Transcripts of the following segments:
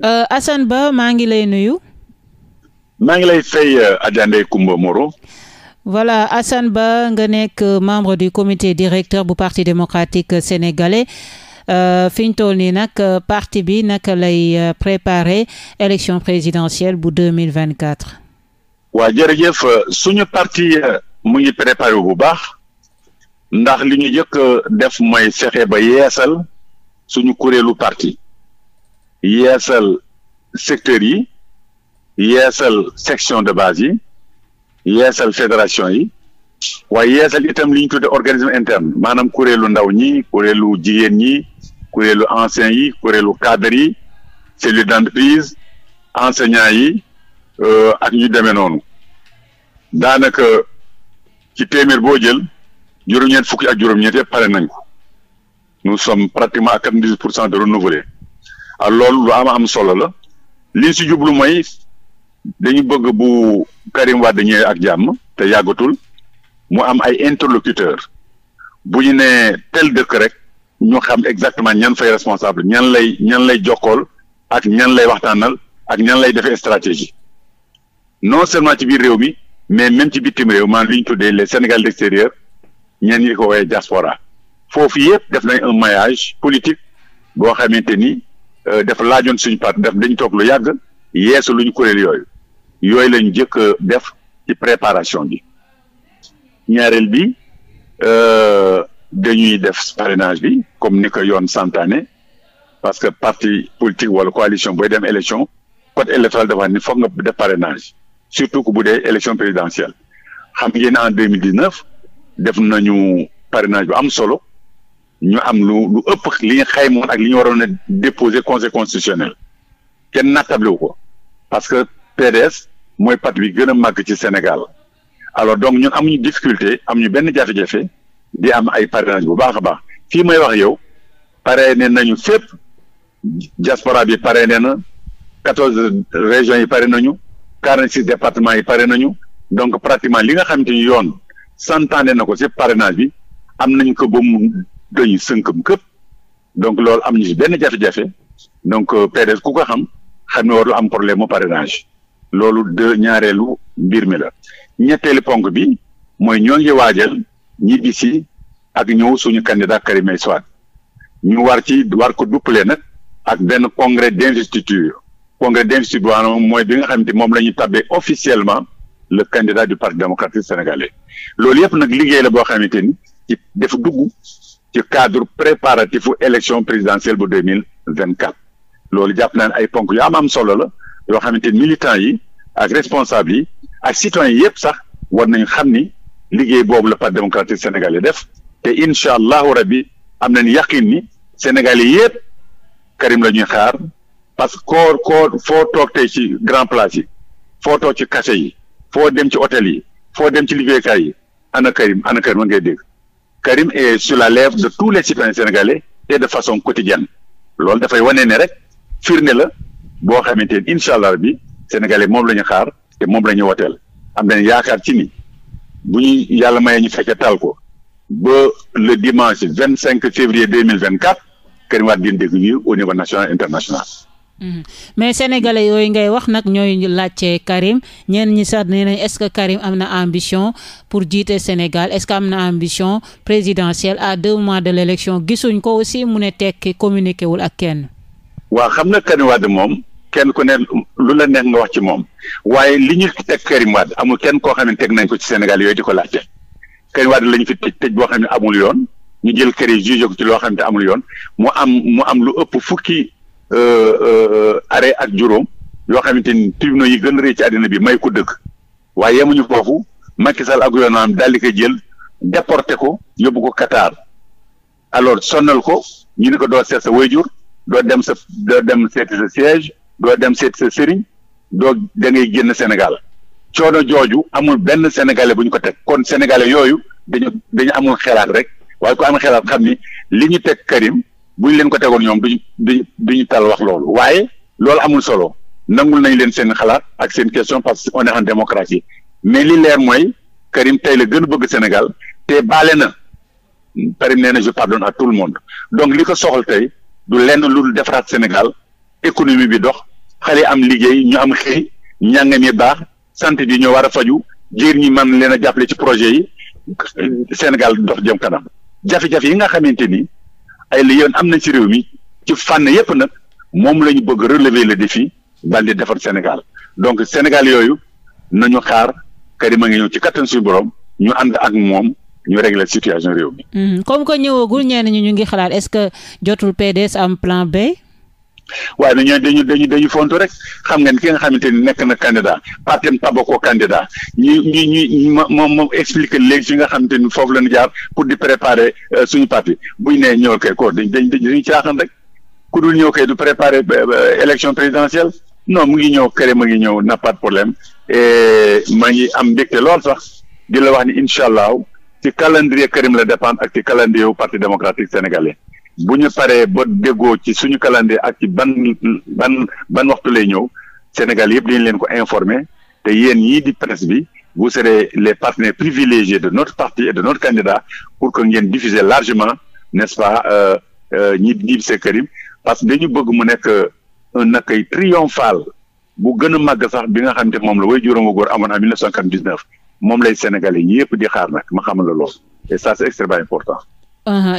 Uh, Ba maa ngi lay nuyu. maa ngi lay fay uh, Adja Ndeye Comba Moreau. voilà Assane Ba nga nekk uh, membre du comité directeur bu parti démocratique euh, sénégalais euh, fi ñu toll nii nag euh, parti bi nag lay préparer élection présidentielle bu deux mille vingt quatre. waa jërëjëf suñu parti mu ngi préparé bu baax ndax li ñu jëkk def mooy fexe ba yeesal suñu kuréelu parti. yeesal secteurs yi yeesal section de base yi yeesal fédération yi waaye yeesal itam li ñu tuddee organisme interne maanaam kuréelu ndaw ñi kuréelu jigéen ñi kuréelu anciens yi kuréelu cadres yi cellule d'entreprise enseignants yi euh, ak ñu demee noonu daanaka ci téeméer boo jël juróom-ñeent fukki ak juróom-ñeent yëpp pare nañ ko nous sommes pratiquement à quatre-vingt-dix pour cent de renouvelés loolu lu am am solo la liñ si jublu mooy dañu bëgg bu Karim Wade ñëwee ak jàmm te yàggatul mu am ay interlocuteurs bu ñu nee tel dëkk rek ñu xam exactement ñan fay responsable ñan lay ñan lay jokkool ak ñan lay waxtaanal ak ñan lay defee stratégie non seulement ci biir réew mi mais même ci bitim réew maanaam li ñu tuddee les Sénégal d'extérieur ñenn ñi ko woowee diaspora foofu yëpp def nañ un maillage politique boo xamante ni Euh, def laajoon suñu parti def dañ toog lu yàgg yeesu luñ kuréel yooyu yooyu lañ jëkk def ci préparation bi ñaareel bi euh, dañuy def parrainage bi comme ni ko yoon santaane parce que parti politique wala coalition booy dem élection code électoral dafa ni foog nga def parrainage surtout que bu dee élection présidentielle xam ngeen en deux mille dix def nañu parrainage bu am solo ñu am lu ëpp li ñu xaymoon ak li ñu waroon a déposer conseil constitutionnel kenn nattablewu ko parce que PDS mooy pat bi gën a màgg ci Sénégal alors donc ñun amuñu difficulté am ñu benn jafe-jafe di am ay parrainage bu baax a baax fii mooy wax yow parrainé nañu fépp diaspora bi parrainé na quatorze régions yi parrainé nañu quarante six départements yi pare nañu donc pratiquement li nga xamante ni yoon santaane na ko ci parrainage bi am nañ ko ba mu de ñu sënkam këpp donc loolu am ñu si benn jafe-jafe donc euh, PDS ku ko xam xam ne warul am problème mu parrainage loolu de ñaareelu mbir mi la ñetteeli ponk bi mooy ñoo ngi waajal ñibbi si ak ñëw suñu candidat Karim Meïssa ñu war ci war ko duppale nag ak benn congrès d'investiture congrès d'investiture maanaam mooy bi nga xamante moom la ñu tabbee officiellement le candidat du parti démocratique sénégalais loolu yëpp nag liggéey la boo xamante ni ci def dugg ci cadre préparatifu élection présidentielle bu deux mille vingt quatre loolu jàpp naan ay ponk yu am am solo la yoo xamante ni militants yi ak responsables yi ak citoyens yëpp sax war nañ xam ni liggéey boobu la Parti démocratique yi def te incha allahu rabbi am nañ yaqin ni sénégalais yëpp Karim la ñuy xaar parce que koo koo foo toog tey ci grand place yi foo toog ci café yi foo dem ci hôtel yi foo dem ci liggéeykaay yi ana Karim ana Karim ngay dégg. Karim est sur la lèvre de tous les citoyens sénégalais et de façon quotidienne loolu dafay wane ne rek firnde la boo xamante ni incha allah bi sénégalais moom la ñu xaar te moom la ñu woteel am nañ yaakaar ci ni bu ñu yàlla mayee ñu fekke taal ko ba le dimanche vingt cinq février deux mille vingt quatre Karim Wade dina dégg ñu au niveau national international. Mhm. mais sénégalais yooyu ngay wax nag ñooy laajte Karim ñenn ñi sax nee nañ est-ce que Karim am na ambition pour jiite Sénégal est-ce que am na ambition présidentielle à deux mois de l'élection gisuñ ko aussi mu ne tekki communiqué wul ak kenn. waa xam na Karim Wade moom kenn ku ne lu la neex nga wax ci moom waaye li ñu teg Karim Wade amul kenn koo xam ne teg nañ ko ci Sénégal yooyu di ko laajte Karim Wade lañ fi tëj tëj boo xam ne amul yoon ñu jël Karim juge ko ci loo xam amul yoon mu am mu am lu ëpp fukki. Euh, euh, arrêt ak juróom yoo xamante ni tribunaux yi gën a ci àddina bi may ko dëkk waaye yemuñu foofu Macky Sall ak yoonam dal di ko jël déporté ko yóbbu ko Qatar alors sonnal ko ñu ne ko doo seet sa wayjur doo dem sa doo dem seeti sa siège doo dem seeti sa sëriñ doo da génn Sénégal coono jooju amul benn sénégalais bu ñu ko teg kon sénégalais yooyu dañu dañu amul xelaat rek waaye ku am xelaat xam ni li ñu teg Karim buñ leen ko tegoon ñoom duñ duñu duñu tal wax loolu waaye loolu amul solo nangul nañ leen seen xalaat ak seen question parce que on est en démocratie mais li leer mooy Karim tey la gën a bëgg Sénégal te baale na Karim nee na je pardonne à tout le monde donc li ko soxla tey du lenn lu defaraat Sénégal économie bi dox xale am liggéey ñu am xëy ñàngam yi baax santé bi ñoo war a faju jër ñi man leen a jàppale ci projet yi Sénégal dox jëm kanam jafe-jafe yi nga xamante ni. ay la yoon am na ci réew mi ci fànn yëpp nag moom la ñu bëgg relever la défi daal di defar Sénégal donc Sénégal yooyu nañu xaar Karima ngi ñëw ci kattan suñu borom ñu ànd ak moom ñu régler situation réew mi. Hmm, comme que ñëwagul ñenn ñi ñu ngi xalaat est-ce que jotul PDS am plan B. waaye dañu dañu dañu dañu fontu rek xam nga ni ki nga xamante ni nekk na candidat partem tabako candidat ñi ñi ñi ma moom moom expliqué léegi si nga xamante ni foofu la ñu jaar pour di préparer euh, suñu parti buñ nee ñëw kay ko dañ dañ dañu caaxaan rek ku dul ñëw kay du préparer euh, euh, élection présidentielle non mu ngi ñëw kër ma ngi ñëw n'a pas de problème ma ngi am mbégte lool sax di la wax ni incha allah ci calendrier Karim la dépendre ak ci calendrier wu parti bu ñu paree ba déggoo ci suñu calendrier ak ci ban ban ban waxtu lay ñëw Sénégal yëpp dañ leen ko informer te yéen ñii di presse bi vous serez les partenaires privilégiés de notre parti et de notre candidat pour que ngeen diffuser largement n'est-ce pas euh, euh, ñi ñi seen kër yi parce que dañu bëgg mu nekk euh, un accueil triomphal bu gën a sax bi nga xam te moom la way juróom wu góor amoon en moom lay Sénégalais yëpp di xaar nag ma xamal la loolu et ça c'est extrêmement important.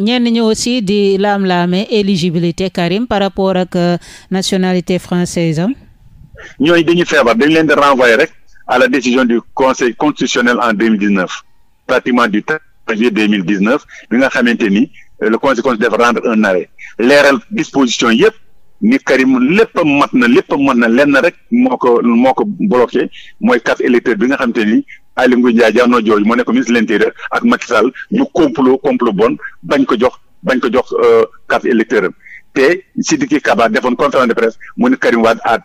ñenn ñi aussi di laam-laame éligibilité Karim par rapport ak euh, nationalité française am ñooy dañu feebar dañ leen di renvoyer rek à la décision du conseil constitutionnel en deux mille dix neuf pratiquement du treize juillet deux mille dix neuf bi nga xamante ni euh, le conseil constitutionnel def rendre un arrêt leeral disposition yëpp ni Karim lépp mat na lépp mat na lenn rek moo ko moo ko bloqué mooy carte électeur bi nga xamante ni Aly Ngouille Ndiaye jaanoo jooju moo nekk ministre de l'intérieur ak Macky Sall ñu complot complot bon bañ ko jox bañ ko jox euh, carte électeur am te Sidiki Kaba defoon conférence de presse mu ne Karim Wade a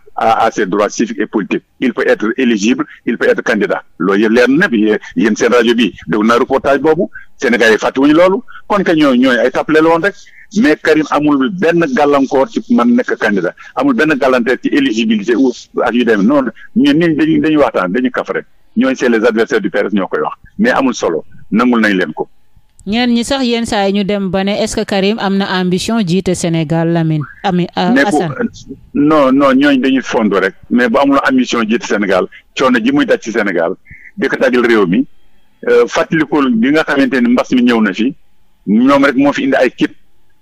à ses droits civiques et politiques il peut être éligible il peut être candidat loolu yëpp leer na bi yéen seen rajo bi déglu naa reportage boobu Sénégal yi fàttewuñu loolu kon que ñooy ñooy ay tapale la rek mais Karim amul benn gàllankoor ci man nekk candidat amul benn gàllankoor ci éligibilité ou ak yu demee noonu ñun nit dañuy waxtaan dañuy kaf rek. ñooñu c'est les adversaires du PRS ñoo koy wax mais amul solo nangul nañ leen ko. ñeen ñi sax yenn saa yi ñu dem ba ne est-ce que Karim am na ambition jiite Sénégal Lamine ami euh, Assane no non ñooñ dañuy fond rek mais bu amul ambition jiite Sénégal coono ji muy daj ci Sénégal di ko dajal réew mi euh, fàttalikul bi nga xamante ni mbas mi ñëw na fi ñoom rek moo fi indi ay kit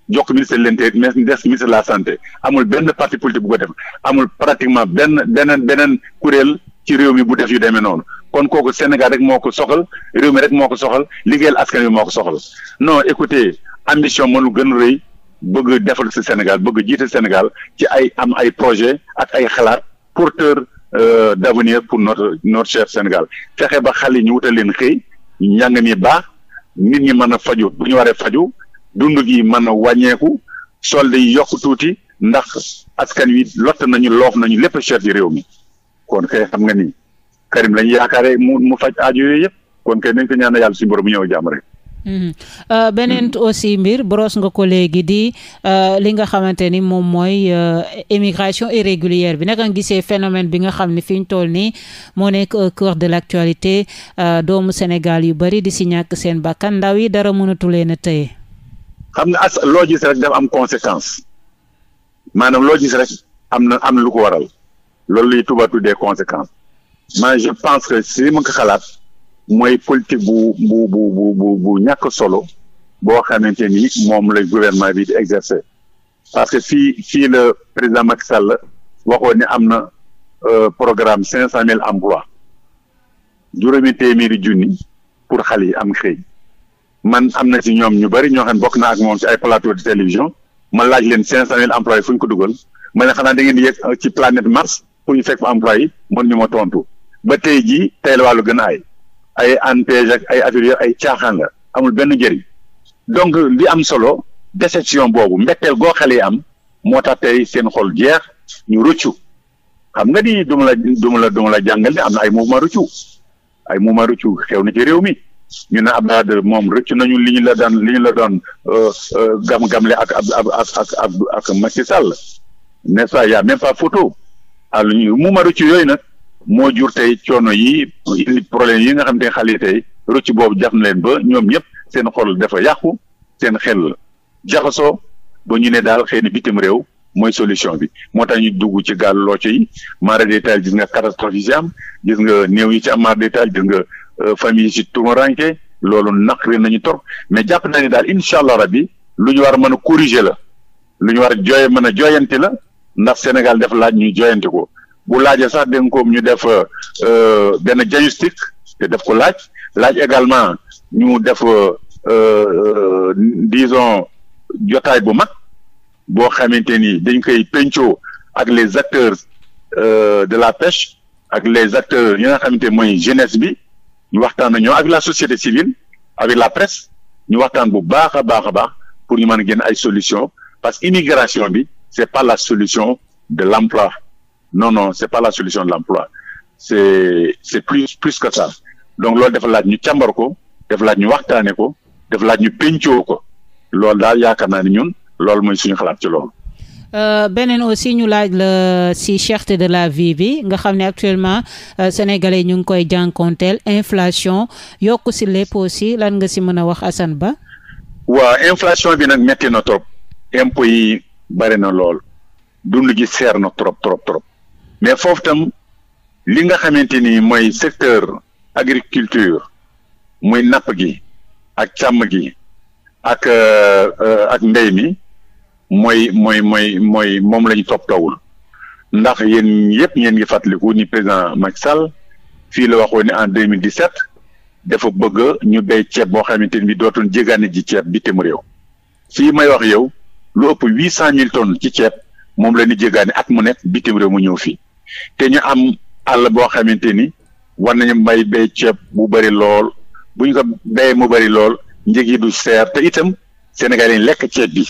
jokk ministre de l'intérieur mais des ministre la santé amul benn parti politique bu ko def amul pratiquement benn beneen beneen kuréel ci réew mi bu def yu demee noonu kon kooku Sénégal rek moo ko soxal réew mi rek moo ko soxal liggéeyal askan wi moo ko soxal non écoutez ambition mënu gën rëy bëgg defal si Sénégal bëgg jiite Sénégal ci ay am ay projet ak ay xalaat porteur euh, d'avenir pour notre notre cher Sénégal fexe ba xale yi ñu wutal leen xëy njàng mi baax nit ñi mën a faju bu ñu waree faju dund gi mën a wàññeeku solde yi yokk tuuti ndax askan wi lott nañu loof nañu lépp cher réew mi kon kay xam nga ni Karim lañu yaakaare mu mu faj aajo yooyu yëpp kon kay nañ ko ñaan yàlla si borom ñëw jàmm rek. Mm-hmm. Euh, beneen mm aussi mbir boros nga ko léegi di uh, li nga xamante ni moom mooy euh, émigration uh, irrégulière bi naka nga gisee phénomène bi nga xam ne fi ñu toll nii moo nekk au cœur de l'actualité euh, doomu Sénégal yu bari di si ñàkk seen bakkan ndaw yi dara mënatu leen a tëye. xam nga as loo gis rek dafa am conséquence maanaam loo rek am na lu waral loolu lay tubaab tuddee conséquence mais je pense que si ma ko xalaat mooy politique bu bu bu bu bu ñàkk solo boo xamante ni moom la gouvernement bi di exercer parce que fii fii la président Macky Sall waxoon ni am na euh, programme cinq cent mille emplois juróomi téeméeri junni pour xale yi am xëy man am na ci ñoom ñu bari ñoo xam bokk naa ak moom ci ay plateau de télévision ma laaj leen cinq cent mille emplois yi fu ñu ko dugal ma ne xanaa da ngeen di yegg euh, ci planète Mars pour ñu fekk fa employé mën ñu ma tontu ba tey jii tey la wàllu gën a ay ay ANPEJ ak ay affaire ay caaxaan amul benn njëriñ donc di am solo déception boobu mbetteel goo xale yi am moo tax tey seen xol jeex ñu rëccu xam nga ni duma la duma la duma la jàngal ne am na ay mouvement rëccu ay mouvement rëccu xew na ci réew mi ñu ne ab Abdoulaye Wade moom rëccu nañu li ñu la daan li ñu la doon euh, euh, gam gamle ak ak ak ak ak Macky Sall n'est-ce pas y même pas photo àll ñu mu ma rëcc yooyu nag moo jur tey coono yi problème yi nga xam te xale yi tey rëcc boobu jaf leen ba ñoom ñëpp seen xol dafa yàqu seen xel jaxasoo ba ñu ne daal xëy na bitim réew mooy solution bi moo tax ñu dugg ci gaal looco yi mara détail gis nga catastrophe yi ci am gis nga néew yi ci am mara détail gis nga euh, famille yi ci tumaranke loolu naqari nañu torop mais jàpp na ni daal incha allah rabbi lu ñu war a mën a corriger la lu ñu war a jooy mën a jooyanti la ndax Sénégal def laaj ñu joyante ko bu laajee sax dénkoom ñu def euh, euh, benn diagnostic te def ko laaj laaj également ñu def euh, disons jotaay bu mag boo xamante ni dañ koy pencoo ak les acteurs de la pêche ak les acteurs yi nga xamante mooy jeunesse bi ñu waxtaan nañoo ak la société civile avec la presse ñu waxtaan bu baax a baax a baax pour ñu mën a génn ay solution parce que immigration bi c'est pas la solution de l'emploi. Non, non, c'est pas la solution de l'emploi. C'est c'est plus que ça. donc loolu dafa laaj ñu cambar ko dafa laaj ñu waxtaane ko dafa laaj ñu pencoo ko loolu daal yaakaar naa ne ñun loolu mooy suñu xalaat ci lool euh, beneen aussi ñu laaj la si cherté de la vie bi nga xam ne actuellement euh, sénégalais ñu ngi koy jànkonteel inflation yokk si lépp aussi lan nga si mën a wax Assane Ba. waaw inflation bi nag metti na trop impôts yi bare na lool dund gi seer na trop trop trop mais foofu tam li nga xamante ni mooy secteur agriculture mooy napp gi ak càmm gi ak euh, euh, ak mbéy mi mooy mooy mooy mooy moom lañu ñu toppatawul ndax yéen yëpp ngeen ngi fàttaliku ni président Macky Sall fii la waxoon ne en 2017 dafa bëgg ñu béy ceeb boo xamante ni bi dootoon jégaane ji ceeb bitim réew fii may wax yow. lu ëpp huit cent mille tonnes ci ceeb moom la ñu jéggaani ak mu nekk bitim réew mu ñëw fii te ñu am àll boo xamante ni war nañu may bay ceeb bu bëri lool buñ ko béyee mu bëri lool njëg yi du seer te itam Sénégal yi lekk ceeb bi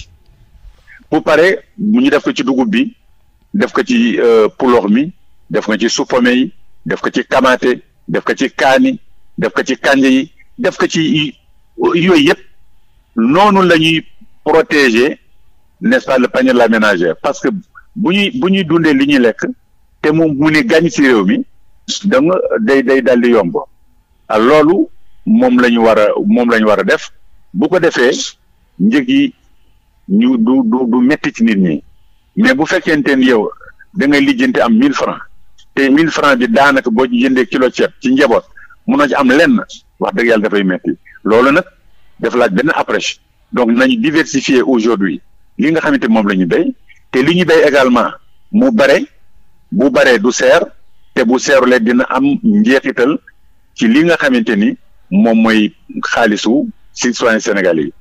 bu pare ñu def ko ci dugub bi def ko ci euh, pulox mi def ko ci suppome yi def ko ci kamaate def ko ci kaani def ko ci kànj yi def ko ci yooyu yëpp noonu la ñuy protéger n'est-ce pas le panier la ménager parce que bu ñuy bu ñuy dundee li ñuy lekk te mu mu ne gàñ ci réew mi da day day dal di yomb a ah, loolu moom la ñu war a moom lañu ñu war a def bu ko defee njëg yi ñu du du du métti ci nit ñi mais bu fekkente ni yow da ngay lijjanti am mille francs te mille francs bi daanaka boo jëndee kilo ceeb ci njaboot mun munoo ci am lenn wax dëgg yàlla dafay métti loolu nag daf laaj benn appreche donc nañu diversifier aujourd'hui li nga xamante moom la ñu béy te li ñu bay également mu bare bu bare du seer te bu seerulee dina am njeexital ci li nga xamante ni moom mooy xaalisu citoyen sénégalais yi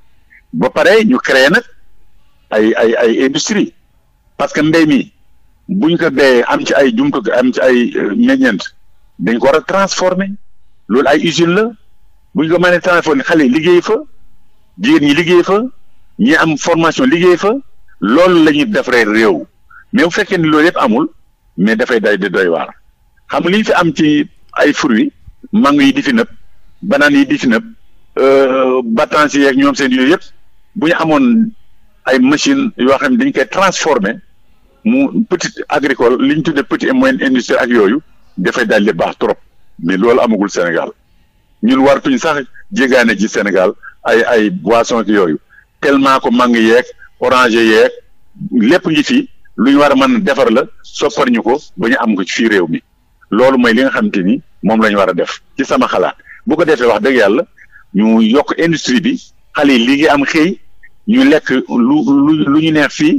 ba pare ñu créé nag ay ay ay industrie parce que mbéy mi buñ ko béyee am ci ay jumtu am ci ay euh, meññeent dañ ko war a loolu ay usine la buñ ko mënee transformer xale liggéey fa jigéen ñi liggéey fa ñi am formation liggéey fa loolu la ñuy defaree réew mais bu fekkee ni loolu yëpp amul mais dafay day doy waar xam li ñu fi am ci ay fruits mango yi di fi nëb banaan yi di fi nëb euh, battance yi ak ñoom seen yooyu yëpp bu ñu amoon ay machine yoo xam ne dañ koy transformer mu petit agricole li ñu tuddee petit et moyenne industrie ak yooyu dafay daal baax trop mais loolu amagul Sénégal ñun wartuñ sax jéggaane ci Sénégal ay ay boisson ki yooyu tellement ko mang yeeg orange yeeg lépp ngi fi lu war a man defar la soppar ñu ko ba ñu am ko ci fii réew mi loolu mooy li nga xam ni moom la ñu war a def ci sama xalaat bu ko defee wax dëgg yàlla ñu yokk industrie bi xale yi léegi am xëy ñu lekk lu lu lu ñu neex fii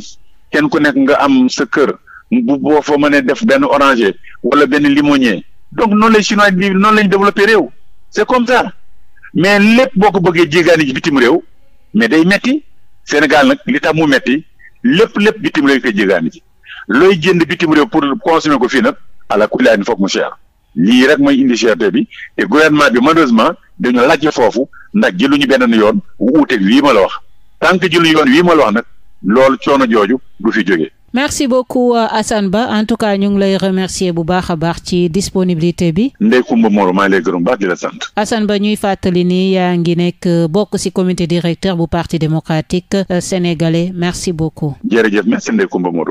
kenn ku nekk nga am sa kër bu boo fa mënee def benn oranger wala benn limonier donc noonu lay chinois bi noonu la ñu développé réew c'est comme ça mais lépp boo ko bëggee jéegaani bitim réew mais day metti Sénégal nag li tax mu metti lépp lépp bitim réew koy jégaani ci looy jënd bitim réew pour consommer ko fii nag ala kulli aay foog mu cher lii rek mooy indi cherté bi te gouvernement bi malheureusement dañu laajte foofu ndax ñu beneen yoon wu uuteeg wii ma la wax tant que jëluñu yoon wii ma la wax nag loolu coono jooju du fi jógee. merci beaucoup euh, assan Ba en tout cas ñu ngi lay remercier bu baax a baax ci disponibilité bi. Ndeye Comba Moreau maa ngi lay di la sant. Assane Ba ñuy fàttali ni yaa ngi nekk euh, bokk ci comité directeur bu parti démocratique euh, sénégalais merci beaucoup. jërëjëf merci Ndeye Comba Moreau.